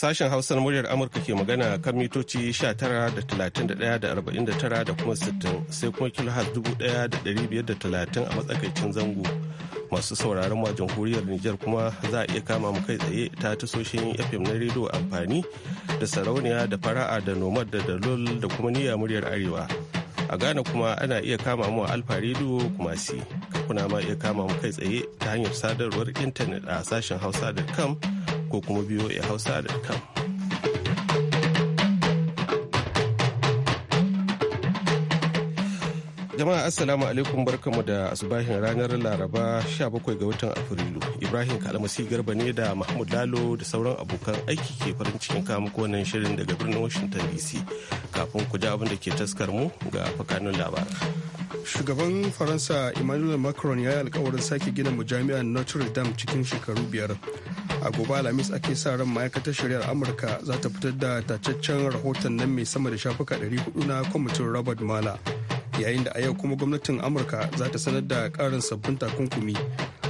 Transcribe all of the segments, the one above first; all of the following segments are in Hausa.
Sashen Hausa na muryar Amurka ke magana kan mitoci 19.31.49 da kuma 60 sai kuma kilohaz 1,530 a matsakaicin zango. Masu sauraron ma jamhuriyar Nijar kuma za a iya kama mu kai tsaye ta tasoshin FM na rediyo amfani da sarauniya da fara'a da nomad da dalol da kuma niyya muryar Arewa. A Ghana kuma ana iya kama mu a Alfa rediyo kuma si. Kuna ma iya kama mu kai tsaye ta hanyar sadarwar intanet a sashen hausa.com ko kuma biyo hausa da kan. jama'a assalamu alaikum barkamu da asubahin ranar laraba 17 ga watan afrilu ibrahim kalmasi garba ne da mahmud lalo da sauran abokan aiki ke farin cikin kama wannan shirin daga birnin washington dc kafin ku ji abin da ke taskar mu ga fakanin labar shugaban faransa emmanuel macron ya yi alkawarin sake gina majami'ar notre dame cikin shekaru biyar a gobe alhamis ake sa ran ma'aikatar shari'ar amurka za ta fitar da tacaccen rahoton nan mai sama da shafuka hudu na kwamitin robert mala yayin da a yau kuma gwamnatin amurka za ta sanar da karin sabbin takunkumi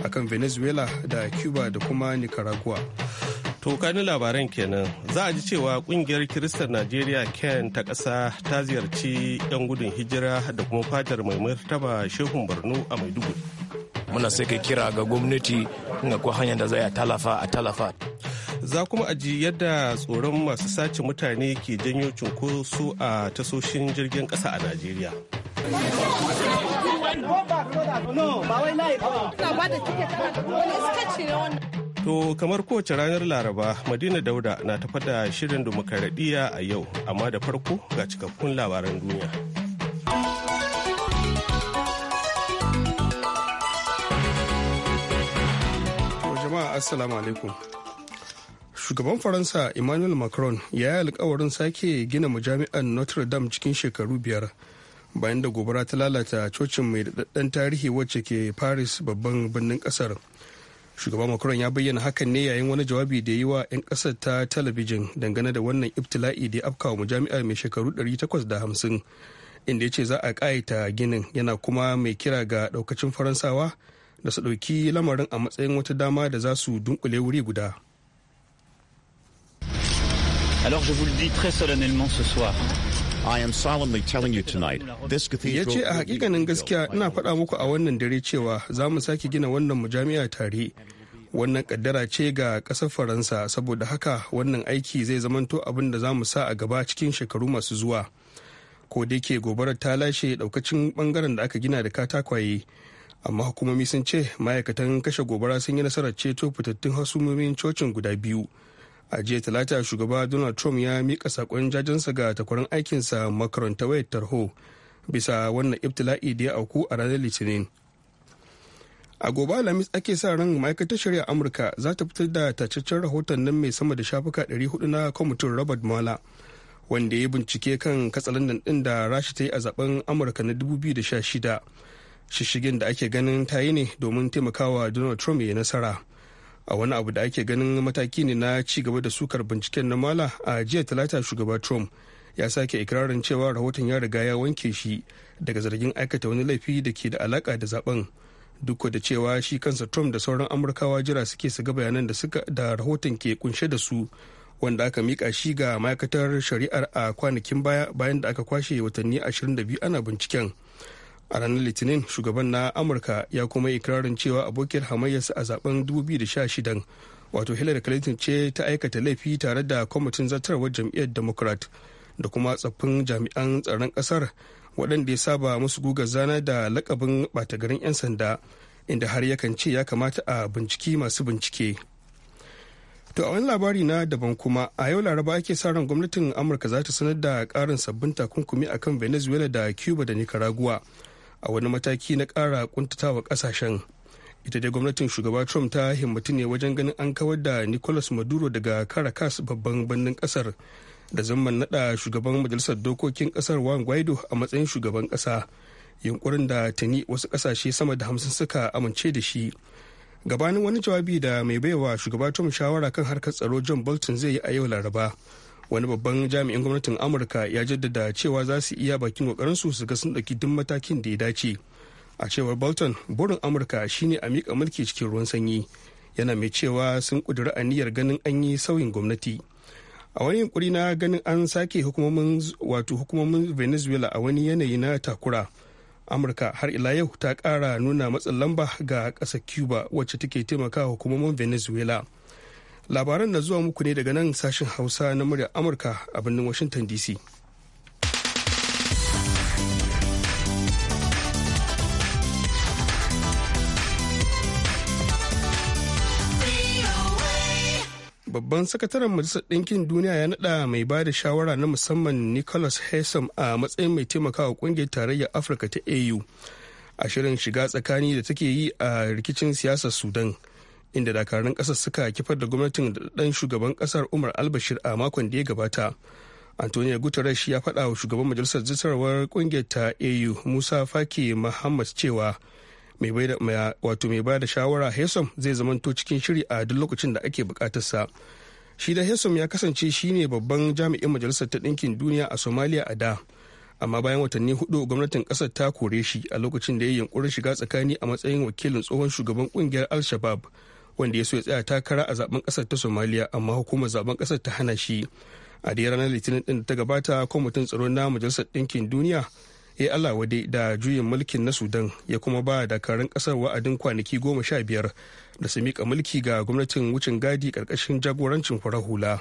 akan venezuela da cuba da kuma nicaragua to kani labaran kenan za a ji cewa kungiyar kiristan najeriya ken ta ƙasa ta ziyarci 'yan gudun hijira da kuma fatar mai martaba shehun borno a maiduguri muna sai kai kira ga gwamnati inda ko hanyar da zai a talafa a talafa za kuma aji yadda tsoron masu sace mutane ke janyo cunkoso a tasoshin jirgin ƙasa a najeriya To kamar kowace ranar Laraba, Madina Dauda na tafa da shirin dimokuraɗiyya a yau, amma da farko ga cikakkun labaran duniya. jama'a assalamu alaikum shugaban faransa emmanuel macron ya yi alkawarin sake gina majami'an notre dame cikin shekaru biyar bayan da gobara ta lalata cocin mai daɗaɗɗen tarihi wacce ke paris babban birnin ƙasar shugaban macron ya bayyana hakan ne yayin wani jawabi da yi wa 'yan ƙasar ta talabijin dangane da wannan ibtila'i da ya afkawa majami'a mai shekaru 850 inda ya ce za a ƙayata ginin yana kuma mai kira ga ɗaukacin faransawa da su ɗauki lamarin a matsayin wata dama da za su dunkule wuri guda. Alors am solemnly telling you Ya ce a hakikanin gaskiya ina faɗa muku a wannan dare cewa za mu sake gina wannan mujami'a tare. Wannan kaddara ce ga ƙasar Faransa saboda haka wannan aiki zai zamanto abin da za mu sa a gaba cikin shekaru masu zuwa. Ko da ke gobarar ta lashe ɗaukacin ɓangaren da aka gina da katakwaye. amma hukumomi sun ce ma'aikatan kashe gobara sun yi nasarar ceto fitattun hasumomin cocin guda biyu a jiya talata shugaba donald trump ya mika sakon jajensa ga takwarar aikinsa macron ta wayar tarho bisa wannan ibtila'i da ya auku a ranar litinin a gobe alhamis ake sa ran ma'aikatar shari'a amurka za ta fitar da tacaccen rahoton nan mai sama da shafuka 400 na kwamitin robert mala wanda ya bincike kan katsalandan din da rashi ta yi a zaben amurka na 2016 shishigin da ake ganin ta yi ne domin taimakawa donald trump ya nasara a wani abu da ake ganin mataki ne na ci gaba da sukar binciken na mala a jiya talata shugaba trump ya sake ikirarin cewa rahoton ya riga ya wanke shi daga zargin aikata wani laifi da ke da alaka da zaben duk da cewa shi kansa trump da sauran amurkawa jira suke su ga bayanan da suka da rahoton ke kunshe da su wanda aka mika shi ga ma'aikatar shari'ar a kwanakin baya bayan da aka kwashe watanni 22 ana binciken. a ranar litinin shugaban na amurka ya kuma ikirarin cewa abokiyar hamayyarsa a zaben 2016 wato hillary clinton ce ta aikata laifi tare da kwamitin zartarwar jam'iyyar democrat da kuma tsaffin jami'an tsaron kasar waɗanda ya saba musu guga zana da lakabin ɓata garin 'yan sanda inda har yakan ce ya kamata a bincike masu bincike to a wani labari na daban kuma a yau laraba ake sa ran gwamnatin amurka za ta sanar da karin sabbin takunkumi akan venezuela da cuba da nicaragua a wani mataki na ƙara kuntatawa ƙasashen ita dai gwamnatin shugaba trump ta himmatu ne wajen ganin an kawar da nicolas maduro daga caracas babban birnin ƙasar da zaman naɗa shugaban majalisar dokokin ƙasar juan guaido a matsayin shugaban ƙasa yunkurin da tuni wasu ƙasashe sama da hamsin suka amince da shi gabanin wani jawabi da mai baiwa shugaba trump shawara kan harkar tsaro john bolton zai yi a yau laraba wani babban jami'in gwamnatin amurka ya jaddada cewa za su iya bakin kokarinsu su ga sun ɗauki duk matakin da ya dace a cewar bolton burin amurka shine a miƙa mulki cikin ruwan sanyi yana mai cewa sun ƙudiri aniyar ganin an yi sauyin gwamnati a wani yunkuri na ganin an sake hukumomin wato hukumomin venezuela a wani yanayi na takura amurka har ila yau ta ƙara nuna matsin lamba ga kasar cuba wacce take taimaka hukumomin venezuela labaran na zuwa muku ne daga nan sashen hausa na murya amurka a birnin washington dc babban sakataren majalisar ɗinkin duniya ya naɗa mai ba da shawara na musamman nicholas hesam a matsayin mai taimakawa ƙungiyar tarayyar afirka ta au a shirin shiga tsakani da take yi a rikicin siyasar sudan inda dakarun ƙasar suka kifar da gwamnatin dan shugaban ƙasar umar albashir a makon da ya gabata antonio guterres ya faɗa wa shugaban majalisar zartarwar ƙungiyar ta au musa faki muhammad cewa wato mai ba da shawara hesom zai zamanto cikin shiri a duk lokacin da ake buƙatarsa shi da hesom ya kasance shi ne babban jami'in majalisar ta ɗinkin duniya a somalia a da amma bayan watanni hudu gwamnatin ƙasar ta kore shi a lokacin da ya yi yunkurin shiga tsakani a matsayin wakilin tsohon shugaban kungiyar al-shabab wanda ya so ya tsaya takara a zaben kasar ta somaliya amma hukumar zaben kasar ta hana shi a dai ranar litinin din ta gabata kwamitin tsaro na majalisar ɗinkin duniya ya allah wade da juyin mulkin na sudan ya kuma ba dakarun kasar wa'adin kwanaki goma sha biyar da su mika mulki ga gwamnatin wucin gadi karkashin jagorancin farar hula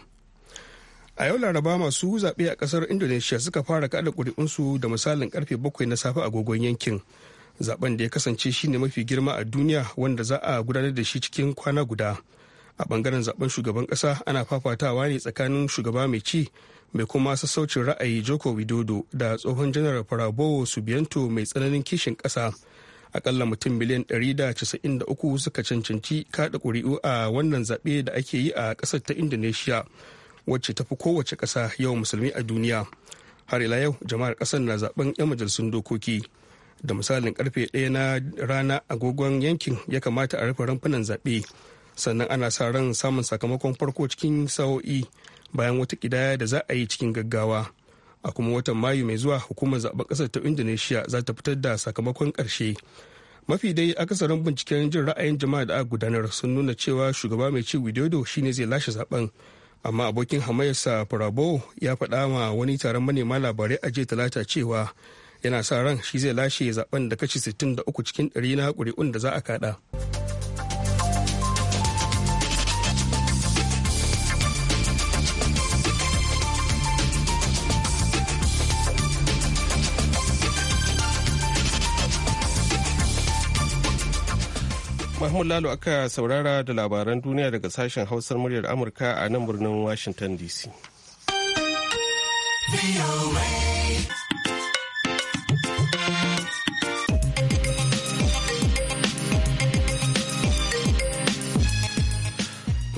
a yau laraba masu zaɓe a kasar indonesia suka fara kaɗa ƙuri'unsu da misalin karfe bakwai na safe agogon yankin zaben da ya kasance shine mafi girma a duniya wanda za a gudanar da shi cikin kwana guda a bangaren zaben shugaban kasa ana fafatawa ne tsakanin shugaba mai ci mai kuma sassaucin ra'ayi joko widodo da tsohon janar farabowo subiyanto mai tsananin kishin kasa akalla mutum miliyan 193 suka cancanci kada ƙuri'u a wannan zaɓe da ake yi a ƙasar ta indonesia wacce tafi kowace ƙasa yau musulmi a duniya har ila yau jama'ar ƙasar na zaɓen 'yan majalisun dokoki da misalin karfe ɗaya na rana agogon yankin ya kamata a rufe rumfunan zaɓe sannan ana sa ran samun sakamakon farko cikin sa'o'i bayan wata kidaya da za a yi cikin gaggawa a kuma watan mayu mai zuwa hukumar zaɓen ƙasar ta indonesia za ta fitar da sakamakon ƙarshe mafi dai akasarin binciken jin ra'ayin jama'a da aka gudanar sun nuna cewa shugaba mai ci widodo shine zai lashe zaben amma abokin hamayarsa Prabowo ya faɗa ma wani taron manema labarai a jiya talata cewa yana sa ran shi zai lashe zaben da kashi 63 cikin 100 na ƙuri'un da za a kada. Mahmud Lalo aka saurara da labaran duniya daga sashen hausar muryar Amurka a nan birnin Washington DC.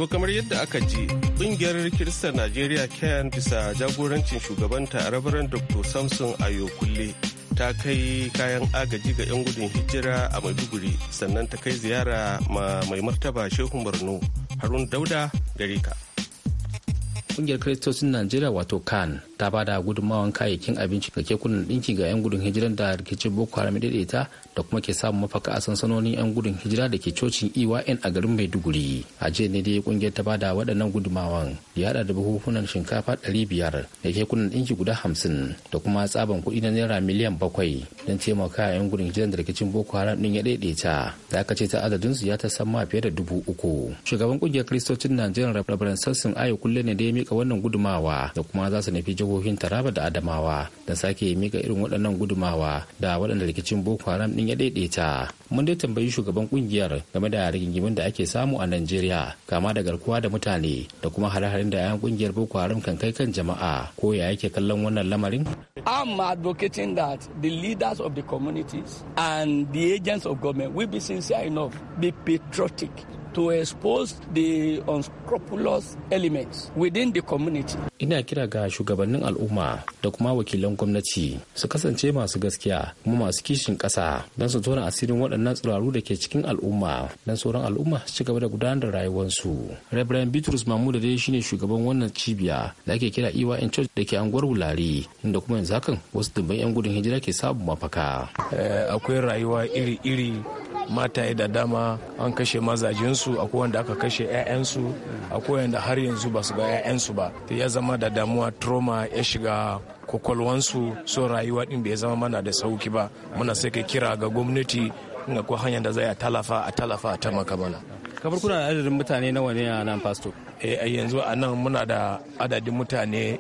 To kamar yadda aka ji ƙungiyar kirista Najeriya Ken bisa jagorancin shugabanta rabaran Dr. Samson Ayo kulle ta kai kayan agaji ga 'yan gudun hijira a Maiduguri sannan ta kai ziyara ma mai martaba Shehu Borno Harun Dauda gare ka. Kungiyar Kiristocin Najeriya wato kan ta bada gudunmawan kayayyakin abinci ga kekunan ɗinki ga 'yan gudun hijiran da rikicin Boko Haram daidaita da kuma ke samun mafaka a sansanonin 'yan gudun hijira da ke cocin EYN a garin Maiduguri. A jiya ne dai kungiyar ta bada waɗannan gudumawan da haɗa da buhuhunan shinkafa biyar da kekunan ɗinki guda hamsin da kuma tsaban kuɗi na naira miliyan bakwai don taimaka 'yan gudun hijira da rikicin Boko Haram ɗin ya daidaita. Da aka ce ta adadin su ya ta ma fiye da dubu uku. Shugaban kungiyar Kiristocin Najeriya Rabaran Sassin Ayo kulle ne da ya mika wannan gudumawa da kuma za su nufi jihohin Taraba da Adamawa da sake mika irin waɗannan gudumawa da waɗanda rikicin Boko Haram din ya daidaita mun dai tambayi shugaban kungiyar game da rigingimin da ake samu a najeriya kama da garkuwa da mutane da kuma hare-haren da 'yan kungiyar boko haram kan kai kan jama'a ko ya yake kallon wannan lamarin i'm advocating that the leaders of the communities and the agents of government will be sincere enough be patriotic to expose the unscrupulous elements within the community ina kira ga shugabannin al'umma da kuma wakilan gwamnati su kasance masu gaskiya kuma masu kishin ƙasa don su tona asirin waɗannan tsiraru da ke cikin al'umma don sauran al'umma su ci gaba da gudanar da rayuwarsu. Rebrian Bitrus mamuda dai shine shugaban wannan cibiya da ake kira Iwa e in Church da ke anguwar Wulari inda kuma yanzu hakan wasu dubban 'yan gudun hijira ke samun mafaka. Eh, akwai rayuwa iri-iri mataye da dama an kashe mazajensu akwai wanda aka kashe 'ya'yansu akwai wanda har yanzu ba su ga 'ya'yansu ba ya zama fama da damuwa trauma ya shiga kwakwalwansu so rayuwa din bai zama mana da sauki ba muna sai ka kira ga gwamnati ina ko hanyar da zai a talafa a talafa a taimaka mana kamar kuna da adadin mutane nawa ne a nan pasto eh yanzu a nan muna da adadin mutane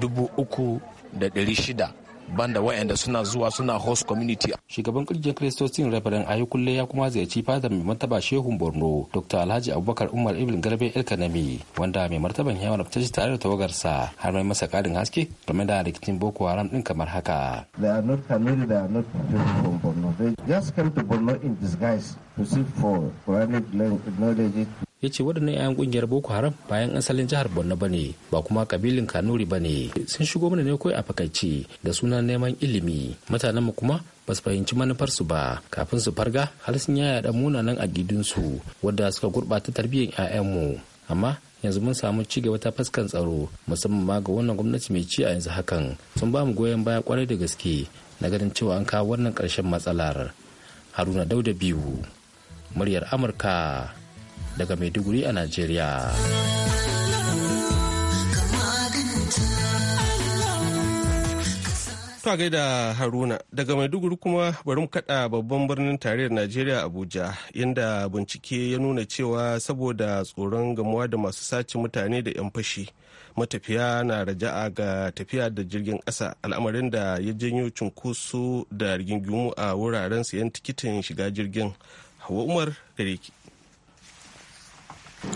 dubu uku da ɗari shida banda wayanda suna zuwa suna host community shugaban kungiyar kristocin reverend ayi kulle ya kuma ziyarci fadar mai martaba shehu borno dr alhaji abubakar umar ibn garbe el kanami wanda mai martaban ya wani shi tare da sa har mai masa karin haske game da rikicin boko haram din kamar haka they are not family, they are not from borno they just came to borno in disguise to seek for any knowledge ya ce waɗannan 'ya'yan ƙungiyar boko haram bayan asalin jihar borno ba ne ba kuma kabilin kanuri ba ne sun shigo mana ne kawai a fakaice da sunan neman ilimi mutanen mu kuma ba su fahimci manufarsu ba kafin su farga har sun yaya da munanan su wadda suka gurɓata tarbiyyar 'ya'yanmu amma yanzu mun samu ci gaba ta fuskan tsaro musamman ma ga wannan gwamnati mai ci a yanzu hakan sun ba mu goyon baya kwarai da gaske na ganin cewa an kawo wannan ƙarshen matsalar haruna dauda biyu muryar amurka daga Maiduguri a Najeriya. Ta gaida Haruna daga Maiduguri kuma bari mu kada babban birnin tarayyar Najeriya Abuja inda bincike ya nuna cewa saboda tsoron gamuwa da masu sace mutane da 'yan fashi matafiya na raja'a ga tafiya da jirgin ƙasa al'amarin da ya janyo cunkoso da rigingimu a wuraren sayan tikitin shiga jirgin. Hawa Umar Gareki.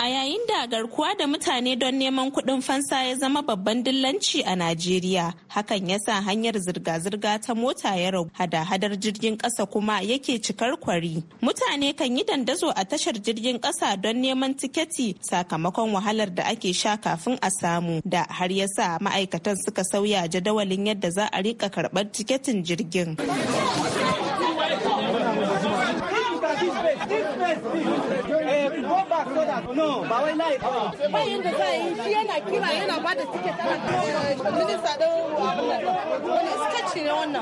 A yayin da garkuwa da mutane don neman kuɗin fansa ya zama babban dillanci a Najeriya, hakan ya sa hanyar zirga-zirga ta mota ya ragu hada-hadar jirgin ƙasa kuma yake cikar kwari. Mutane kan yi dandazo a tashar jirgin ƙasa don neman tiketi sakamakon wahalar da ake sha kafin a samu da har ya sa ma'aikatan suka sauya jadawalin yadda za a rika karɓar tiketin jirgin.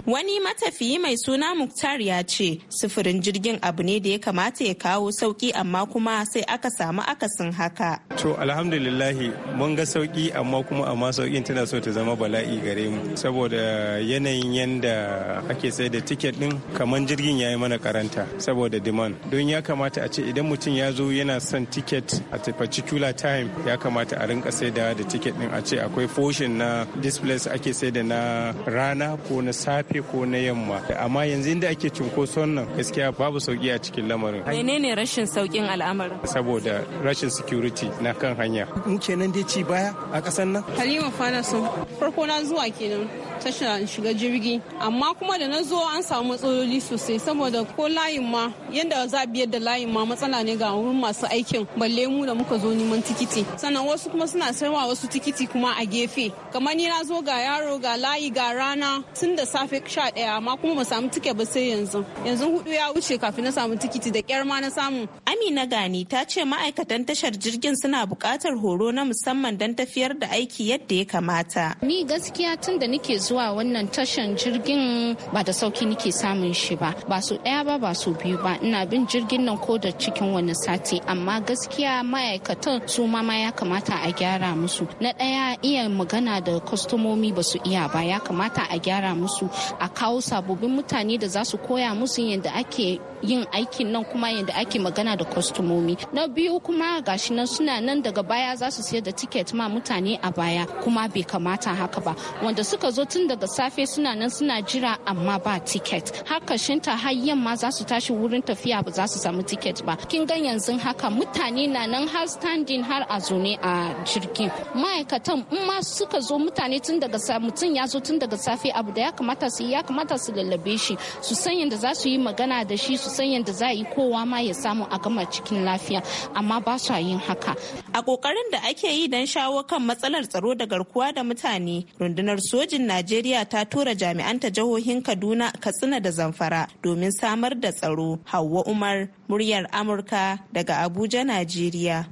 wani sketch matafiyi mai suna muktar ya ce sufurin jirgin abu ne da ya kamata ya kawo sauki amma kuma sai aka samu akasin haka to alhamdulillahi mun ga sauki amma kuma amma saukin tana so ta zama bala'i gare mu saboda yanayin yanda ake sai da tiket din kamar jirgin ya yi mana karanta saboda demand don ya kamata a ce idan mutum ya zo yana son tiket at a particular time ya kamata a rinka saida da tiket din a ce akwai foshin na displays ake saida na rana ko na safe ko na yamma amma yanzu inda ake cunkoson nan gaskiya babu sauki a cikin lamarin menene rashin saukin al'amarin saboda rashin security na kan hanya mu kenan dai ci baya a kasan nan halima fana so farko na zuwa kenan tasha shiga jirgi amma kuma da na zo an samu matsaloli sosai saboda ko layin ma yadda za a biyar da layin ma matsala ne ga wurin masu aikin balle mu da muka zo neman tikiti sannan wasu kuma suna saiwa wasu tikiti kuma a gefe kamar ni na zo ga yaro ga layi ga rana tun da safe sha ɗaya amma kuma ba samu tiket ba sai yanzu yanzu hudu ya wuce kafin na samu tikiti da kyar ma na samu amina gani ta ce ma'aikatan tashar jirgin suna buƙatar horo na musamman don tafiyar da aiki yadda ya kamata ni gaskiya tun da nake zo zuwa wannan tashan jirgin ba da sauki nike samun shi ba ba su ɗaya ba ba su biyu ba ina bin jirgin nan ko da cikin wani sati amma gaskiya ma'aikatan su ma ya kamata a gyara musu na ɗaya iya magana da kwastomomi ba su iya ba ya kamata a gyara musu a kawo sababbin mutane da za su koya musu yadda ake yin aikin nan kuma yadda ake magana da kwastomomi na biyu kuma gashi nan suna nan daga baya za su sayar da tiket ma mutane a baya kuma bai kamata haka ba wanda suka zo tun tun daga safe suna nan suna jira amma ba tiket har ta har yamma za su tashi wurin tafiya ba za su samu tiket ba kin gan yanzu haka mutane na nan har standing har a zone a jirgin ma'aikatan in ma suka zo mutane tun daga mutum ya zo tun daga safe abu da ya kamata su ya kamata su lallabe shi su san yadda za su yi magana da shi su san yadda za a yi kowa ma ya samu a gama cikin lafiya amma ba su yin haka a kokarin da ake yi don shawo kan matsalar tsaro da garkuwa da mutane rundunar sojin najeriya Najeriya ta tura jami'anta jihohin Kaduna, Katsina da Zamfara domin samar da tsaro. Hauwa Umar, muryar Amurka daga Abuja, Najeriya.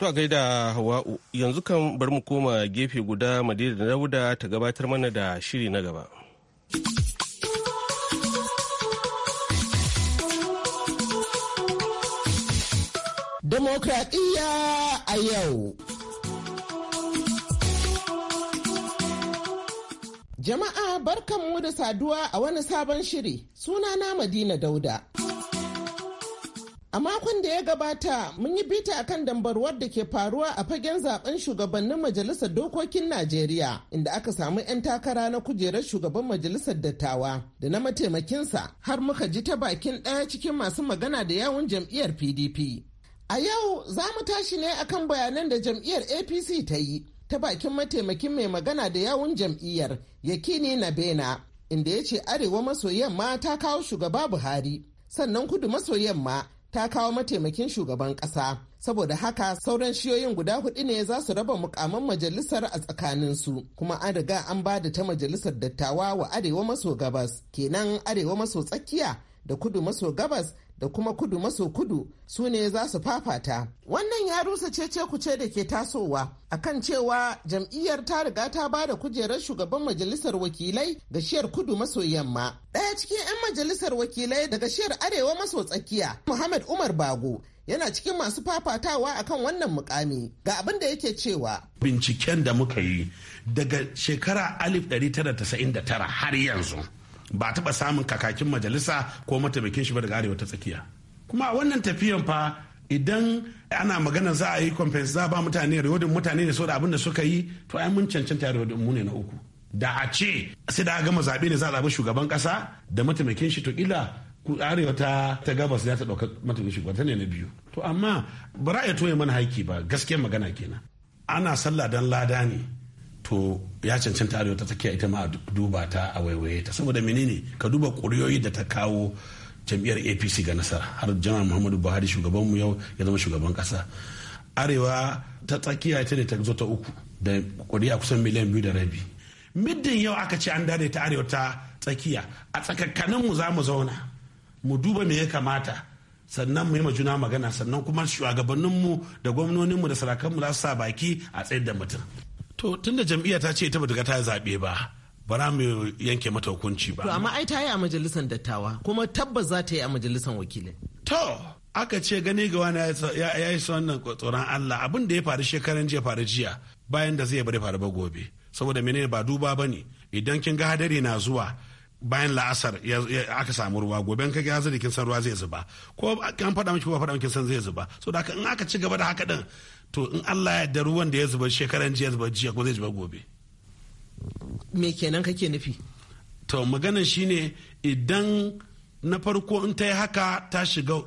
To a gaida Hawa'u yanzu kan bari mu koma gefe guda Madina da Dauda ta gabatar mana da shiri na gaba. Demokradiyya a yau. Jama'a barkanmu da saduwa a wani sabon shiri sunana Madina Dauda. A makon da ya gabata mun yi bita akan dambarwar da ke faruwa a fagen zaben shugabannin majalisar dokokin Najeriya inda aka samu 'yan takara na kujerar shugaban majalisar dattawa da na mataimakinsa har muka ji ta bakin ɗaya cikin masu magana da yawun jam'iyyar PDP. A yau za mu tashi ne akan bayanan da jam'iyyar APC ta yi ta bakin mataimakin mai magana da yawun jam'iyyar Yakini Bena, inda ya ce arewa maso yamma ta kawo shugaba Buhari sannan kudu maso yamma ta kawo mataimakin shugaban ƙasa. saboda haka sauran shiyoyin guda hudu ne za su raba mukaman majalisar a tsakaninsu kuma an riga an ba da ta majalisar dattawa wa arewa maso gabas kenan arewa maso tsakiya da kudu maso gabas da kuma kudu maso kudu su ne za su fafata wannan ya rusa cece kuce da ke tasowa a kan cewa jam'iyyar ta riga ta ba da kujerar shugaban majalisar wakilai ga shiyar kudu maso yamma ɗaya cikin 'yan majalisar wakilai daga shiyar arewa maso tsakiya muhammad umar bago yana cikin masu fafatawa akan wannan mukami ga abin da yake cewa binciken da muka yi daga shekara 1999 har yanzu ba taɓa samun kakakin majalisa ko mataimakin shi ba daga arewa ta tsakiya kuma a wannan tafiyan fa idan ana magana za a yi compensation za a ba mutane rewardin mutane ne saboda abin da suka yi to ai mun cancanta rewardin mu ne na uku da a ce sai da a gama zaɓe ne za a zaɓi shugaban ƙasa da mataimakin shi to kila ku arewa ta ta gabas za ta ɗauka mataimakin shugaban ne na biyu to amma ba bara ya mana haiki ba gaskiyar magana kenan ana sallah dan lada ne to ya cancanta arewa ta tsakiya ita ma a duba ta a waiwaye ta saboda menene ka duba ƙuriyoyi da ta kawo jam'iyyar apc ga nasara har janar muhammadu buhari shugabanmu yau ya zama shugaban ƙasa arewa ta tsakiya ita ne ta zo ta uku da ƙuri'a kusan miliyan biyu da rabi middin yau aka ce an dade ta arewa ta tsakiya a tsakakkanin mu za mu zauna mu duba me ya kamata sannan mu yi ma juna magana sannan kuma shugabanninmu da gwamnoninmu da sarakanmu za su sa baki a tsayar da mutum to tunda jam'iyya ta ce ita ba ta zaɓe ba ba za mu yanke mata hukunci ba. To amma ai ta yi a majalisar dattawa kuma tabbas za ta yi a majalisar wakilai. To aka ce gani ga wani ya yi wannan tsoron Allah abin da ya faru shekaran jiya faru jiya bayan da zai bari faru ba gobe saboda menene ba duba ba ne idan kin ga hadari na zuwa bayan la'asar aka samu ruwa gobe ka ga zai kin san ruwa zai zuba ko an faɗa miki ba faɗa miki san zai zuba saboda in aka ci gaba da haka din to in Allah ya yarda ruwan da ya zuba shekaran jiya zuba jiya ko zai zuba gobe me kenan kake nufi to maganan shine idan na farko in ta yi haka ta shiga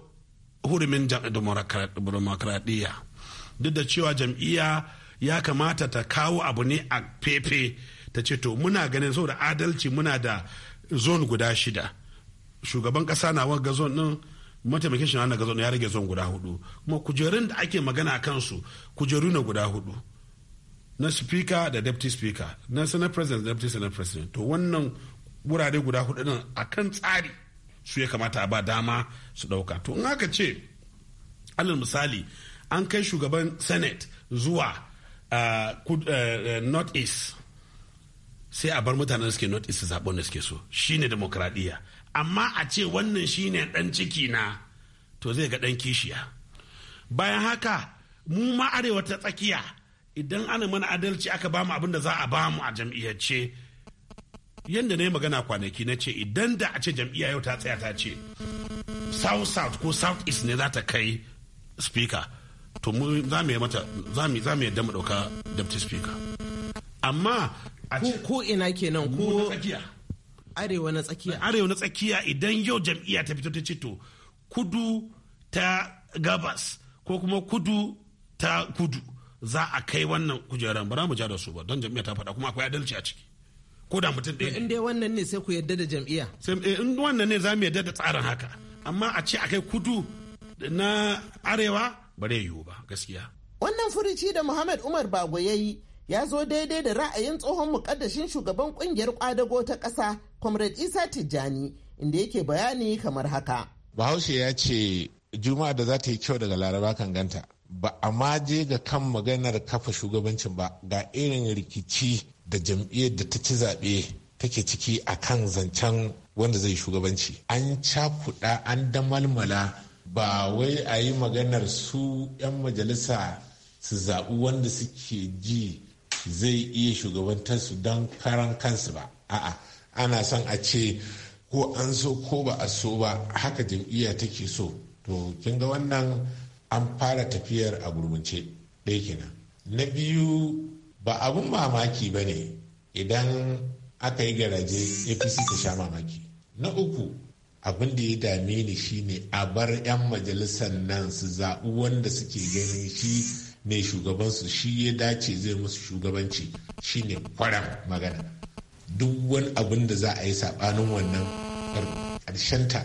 hurumin demokradiyya duk da cewa jam'iyya ya kamata ta kawo abu ne a fefe ta ce to muna ganin saboda adalci muna da zon guda shida shugaban kasa na wagga zone din mataimakin shi na gazon ya rage zon guda hudu kuma kujerun da ake magana a kansu kujeru na guda hudu na speaker da deputy speaker na senate president da deputy senate president to wannan wurare guda hudu nan a kan tsari su ya kamata a ba dama su dauka to in aka ce alal misali an kai shugaban senate zuwa ah, eh, eh, north east sai a bar mutanen da suke north east zaɓen da suke so shine demokradiyya amma a ce wannan shine ɗan ciki na to zai ga ɗan kishiya bayan haka mu ma arewa ta tsakiya idan ana mana adalci aka bamu abin da za a bamu a jam'iyyarce yadda na yi magana kwanaki na ce idan da a ce jam'iyya yau ta tsaya ta ce south south ko south east ne za ta kai speaker to mu za mu yi mata za mu yi yadda mu dauka deputy speaker amma a ko ina kenan ko arewa na tsakiya arewa na tsakiya idan yau jam'iyya ta fito ta ce to kudu ta gabas ko kuma kudu ta kudu za a kai wannan kujeran ba mu ja da su ba don jam'iyya ta faɗa kuma akwai adalci a ciki ko da mutum ɗaya in dai wannan ne sai ku yarda da jam'iyya eh, in wannan ne za mu yarda da tsarin haka amma a ce a kai kudu na arewa ba zai yiwu ba gaskiya wannan furuci da muhammad umar bago ya yi ya zo daidai da ra'ayin tsohon mukaddashin shugaban kungiyar kwadago ta ƙasa comrade isa tijjani inda yake bayani kamar haka bahaushe ya ce juma'a da za ta yi kyau daga laraba kan ganta ba a maje ga kan maganar kafa shugabancin ba ga irin rikici da jam'iyyar da ta ci zaɓe take ciki a kan zancen wanda zai shugabanci an cakuɗa an damalmala ba wai a yi maganar su 'yan majalisa su zaɓi wanda suke ji zai iya shugabantarsu don karan kansu ba a'a ana son a ce ko an so ko ba a so ba haka jam'iyya take so to kin ga wannan an fara tafiyar a gurgunce ɗaya kenan na biyu ba abun mamaki ba ne idan aka yi garaje apc ta sha mamaki na uku abin da ya dame ni shine a bar 'yan majalisar nan su zaɓi wanda suke ganin shi ne shugabansu shi ya dace zai musu shugabanci shine kwaran magana duk wani abin da za a yi saɓanin wannan ƙarshenta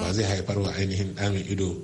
ba zai haifar wa ainihin ɗamin ido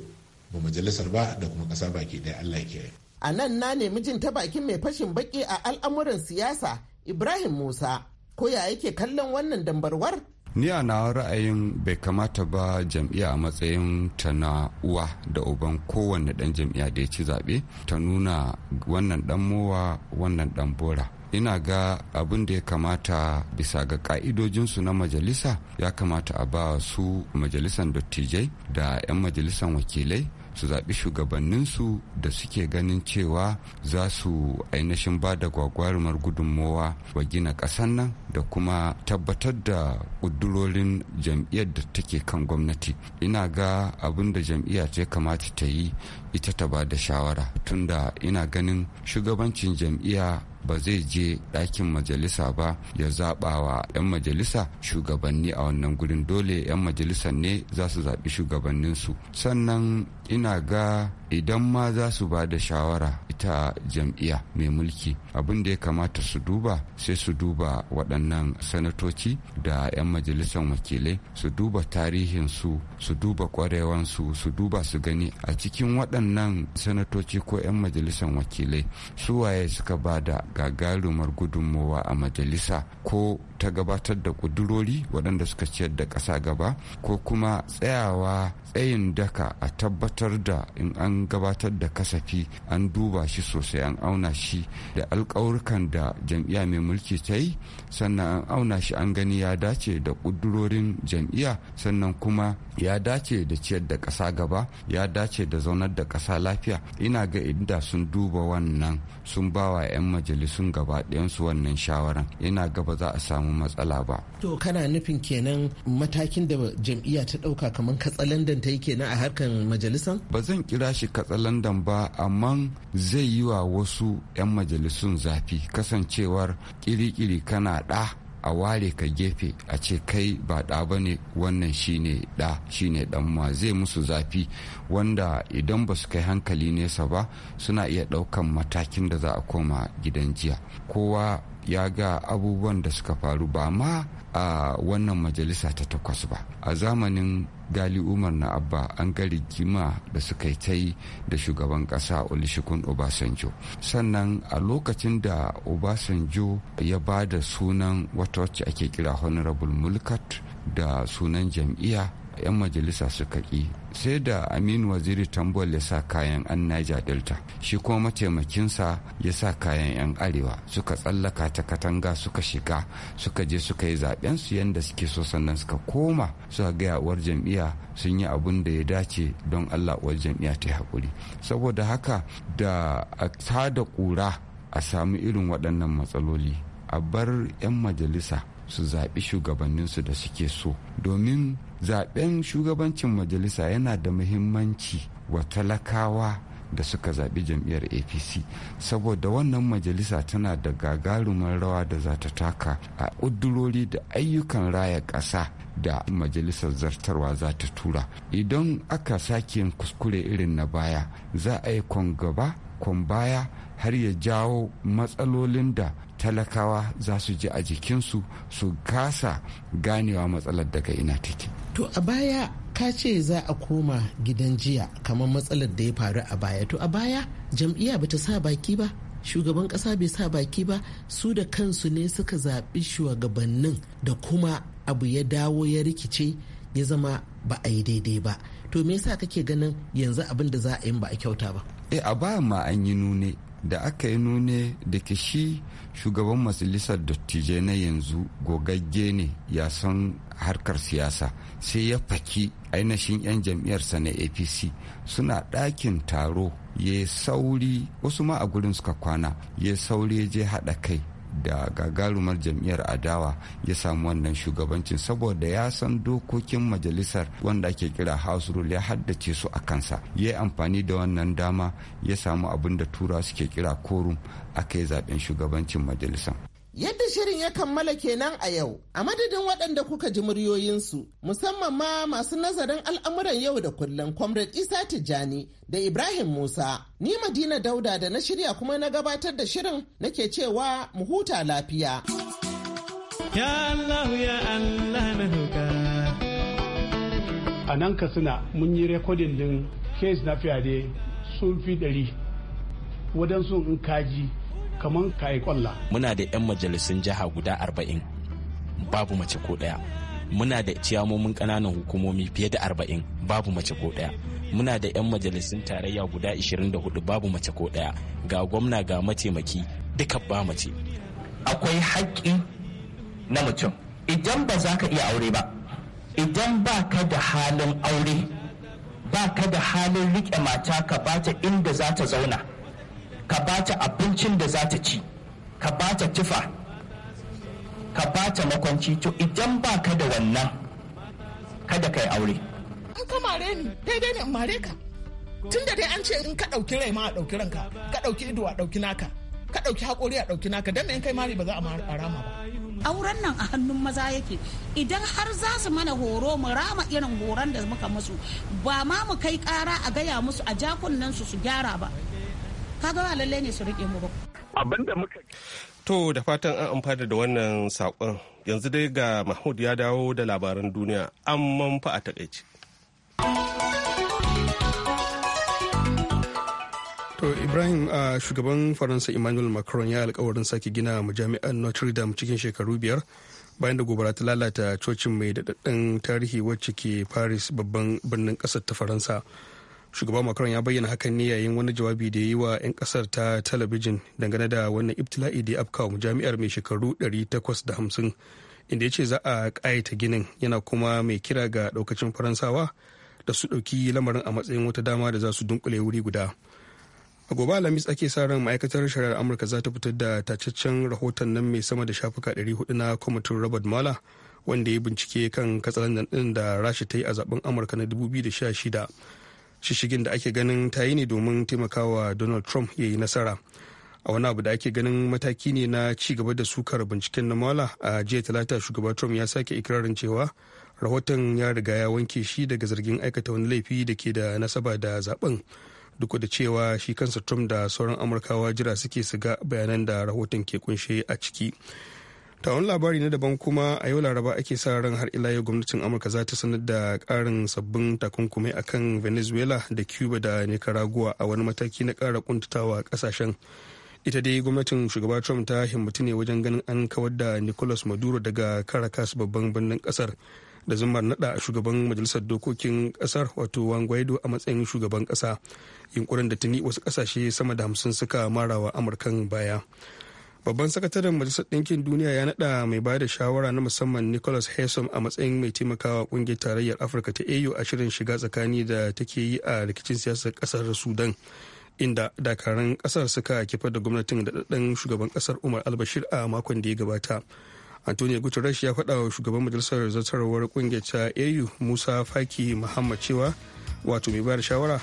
ba majalisar ba da kuma ƙasa baki ɗaya Allah ke. A nan na ne jin ta bakin mai fashin baki a al'amuran siyasa Ibrahim Musa ko ya yake kallon wannan dambarwar? Ni a na ra'ayin bai kamata ba jam'iyya a matsayin ta na uwa da uban kowanne dan jam'iyya da ya ci zaɓe ta nuna wannan ɗan mowa wannan ɗan bora. ina ga abin da ya kamata bisa ga ka'idojinsu na majalisa ya kamata a ba su majalisan dattijai da 'yan majalisan wakilai su zaɓi shugabanninsu da suke ganin cewa za su ainihin ba da gwagwarumar gudunmowa wa gina ƙasan nan da kuma tabbatar da ƙudurorin jam'iyyar da take kan gwamnati ina ga abin da jam'iyya ce kamata ta yi ita ta ba da shawara tunda ina ganin shugabancin jam'iyya ba zai je ɗakin majalisa ba ya zaɓa wa 'yan majalisa shugabanni a wannan gudun dole 'yan majalisa ne za su zaɓi shugabanninsu sannan ina ga idan ma za su ba da shawara ita jam'iyya mai mulki abin da ya kamata su duba sai su duba waɗannan sanatoci da 'yan majalisar wakilai su duba tarihinsu su duba ƙwarewansu su duba su gani a cikin waɗannan sanatoci ko 'yan majalisar wakilai su waye suka ba da gagarumar gudunmowa a majalisa ko ta gabatar da ƙudurori waɗanda suka ciyar da ƙasa gaba ko kuma tsayawa tsayin daka a tabbatar da in an gabatar da kasafi an duba shi sosai an auna shi da alkawurkan da jam'iyya mai mulki ta yi sannan an auna shi an gani ya dace da kudurorin jam'iyya sannan kuma ya dace da ciyar da ƙasa gaba ya dace da zaunar da ƙasa lafiya ina ga inda sun duba wannan sun ba wa 'yan majalisun gaba su wannan shawaran ina ga ba za a samu matsala ba to kana nufin kenan matakin da jam'iyya ta ɗauka kamar katsalandan ta yi kenan a harkan majalisan ba zan kira shi katsalandan ba amma zai yi wa wasu 'yan majalisun zafi kasancewar kirikiri kana ɗa a ware ka gefe a ce kai ba ɗa ba ne wannan shine ɗa shine ɗan ma zai musu zafi wanda idan ba su kai hankali nesa ba suna iya ɗaukan matakin da za a koma gidan jiya kowa ya ga abubuwan da suka faru ba ma a wannan majalisa ta takwas ba a zamanin gali umar na abba an ga rigima da suka yi ta yi da shugaban kasa olishikun obasanjo sannan a lokacin da obasanjo ya ba da sunan wata wacce ake kira honorable mulkat da sunan jam'iyya 'yan majalisa suka ƙi sai da aminu waziri tambol ya sa kayan an niger delta shi kuma mataimakinsa ya sa kayan 'yan arewa suka tsallaka ta katanga suka shiga suka je suka yi zaben su yadda suke so sannan suka koma suka gaya uwar jam'iyya sun yi abun da ya dace don allah uwar jam'iyya ta yi haƙuri saboda haka da a tada ƙura a samu irin waɗannan matsaloli a bar 'yan majalisa su zaɓi shugabanninsu da suke so domin zaben shugabancin majalisa yana da muhimmanci wa talakawa da suka zaɓi jam'iyyar apc saboda wannan majalisa tana da gagarumin rawa da za ta taka a ƙudurori da ayyukan raya ƙasa da majalisar zartarwa za ta tura idan aka sake kuskure irin na baya za a yi kwan gaba kwan baya har ya jawo matsalolin da talakawa za su ji a jikinsu su kasa ganewa matsalar daga ina take to a baya ka ce za a koma gidan jiya kamar matsalar da ya faru a baya to a baya jam'iyya bata sa baki ba shugaban ƙasa bai sa baki ba su da kansu ne suka zaɓi shugabannin da kuma abu ya dawo ya rikice ya zama ba a yi daidai ba to me yasa kake ganin yanzu abin da za a yi ba a kyauta ba eh a bayan ma an yi nune da aka yi nune da ke shi shugaban majalisar dattijai na yanzu gogagge ne ya san harkar siyasa sai ya faki ainihin 'yan jam'iyyarsa na apc suna ɗakin taro ya sauri wasu ma a gurin suka kwana ya sauri ya je haɗa kai da gagarumar jam'iyyar adawa ya samu wannan shugabancin saboda ya san dokokin majalisar wanda ake kira house rule ya haddace su a kansa ya yi amfani da wannan dama ya samu abin da tura suke kira korum a yi zaben shugabancin majalisar Yadda shirin ya kammala kenan a yau, a madadin waɗanda kuka ji muryoyinsu, musamman ma masu nazarin al'amuran yau da kullum, Comrade Isa Tijjani da Ibrahim Musa. Ni Madina Dauda da na shirya kuma na gabatar da shirin nake cewa mu huta lafiya. Ya Allah na A nan Katsina mun yi rekodin din kes na fiyade sun fi ɗari, waɗansu in kaji. kaman ka yi kwalla. Muna da 'yan majalisun jiha guda arba'in babu mace ko ɗaya. Muna da ciyamomin ƙananan hukumomi fiye da arba'in babu mace ko ɗaya. Muna da 'yan majalisun tarayya guda 24 babu mace ko ɗaya. Ga gwamna ga mataimaki duka ba mace. Akwai haƙƙi na mutum. Idan ba za ka iya aure ba, idan ba ka da halin aure, ba ka da halin riƙe mata ka bata inda za ta zauna. ka ba ta abincin da za ta ci ka ba ta tufa ka ta makwanci to idan ba ka da wannan kada ka yi aure in ka mare ni daidai ne in mare ka tun da dai an ce in ka ɗauki rai ma a ɗauki ranka ka ɗauki ido a ɗauki naka ka ɗauki haƙori a ɗauki naka don me in kai mari ba za a rama ba auren nan a hannun maza yake idan har za su mana horo mu rama irin horon da muka musu ba ma mu kai ƙara a gaya musu a jakunan su su gyara ba kaga ba lallai ne su rike mu ba abin da muka to da fatan an amfana da wannan sakon yanzu dai ga mahmud ya dawo da labaran duniya an manfa a takaici To Ibrahim a shugaban Faransa Emmanuel Macron ya alkawarin sake gina majami'ar Notre Dame cikin shekaru biyar bayan da gobara ta lalata cocin mai daɗaɗɗen tarihi wacce ke Paris babban birnin ƙasar ta Faransa. shugaba macron ya bayyana hakan ne yayin wani jawabi da ya yi wa 'yan kasar ta talabijin dangane da wannan ibtila'i da ya afkawa jami'ar mai shekaru 850 inda ya ce za a ƙayata ginin yana kuma mai kira ga daukacin faransawa da su ɗauki lamarin a matsayin wata dama da za su dunkule wuri guda a gobe alhamis ake sa ran ma'aikatar shari'ar amurka za ta fitar da tacaccen rahoton nan mai sama da shafuka 400 na kwamitin robert mala wanda ya bincike kan katsalandan ɗin da rasha ta yi a zaben amurka na 2016 shishigin da ake ganin ta yi ne domin taimakawa donald trump ya yi nasara a wani abu da ake ganin mataki ne na ci gaba da sukar binciken na mala a jiya talata shugaba trump ya sake ikirarin cewa rahoton ya riga ya wanke shi daga zargin aikata wani laifi da ke da nasaba da zaben duk da cewa shi kansa trump da sauran amurkawa jira suke su ga bayanan da rahoton ke kunshe a ciki ta wani labari na daban kuma a yau laraba ake sa ran har ila yau gwamnatin amurka za ta sanar da karin sabbin takunkumai akan venezuela da cuba da nicaragua a wani mataki na kara kuntatawa kasashen ita dai gwamnatin shugaba trump ta himmatu ne wajen ganin an kawar da nicolas maduro daga caracas babban birnin kasar da zumar nada shugaban majalisar dokokin kasar wato wangwaido a matsayin shugaban kasa yunkurin da tuni wasu kasashe sama da hamsin suka marawa amurkan baya babban sakataren majalisar ɗinkin duniya ya naɗa mai ba da shawara na musamman nicholas hesom a matsayin mai taimakawa ƙungiyar tarayyar afirka ta au a shirin shiga tsakani da take yi a rikicin siyasar ƙasar sudan inda dakarun ƙasar suka kifar da gwamnatin da daɗaɗɗen shugaban ƙasar umar albashir a makon da ya gabata antonio guterres ya faɗa wa shugaban majalisar zartarwar ƙungiyar ta au musa faki muhammad cewa wato mai ba shawara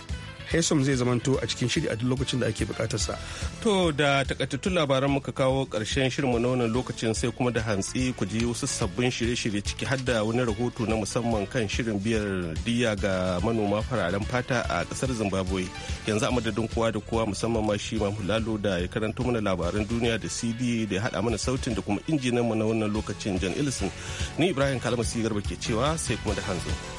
Hesom zai zamanto a cikin shiri a duk lokacin da ake bukatarsa. To da takaitattun labaran muka kawo ƙarshen shirin na wannan lokacin sai kuma da hantsi ku ji wasu sabbin shirye-shirye ciki har da wani rahoto na musamman kan shirin biyar diya ga manoma fararen fata a ƙasar Zimbabwe. Yanzu a madadin kowa da kowa musamman ma shi Mamu Lalo da ya karanta mana labaran duniya da CD da ya haɗa mana sautin da kuma mu na wannan lokacin John Ellison. Ni Ibrahim Kalmasi Garba ke cewa sai kuma da hantsi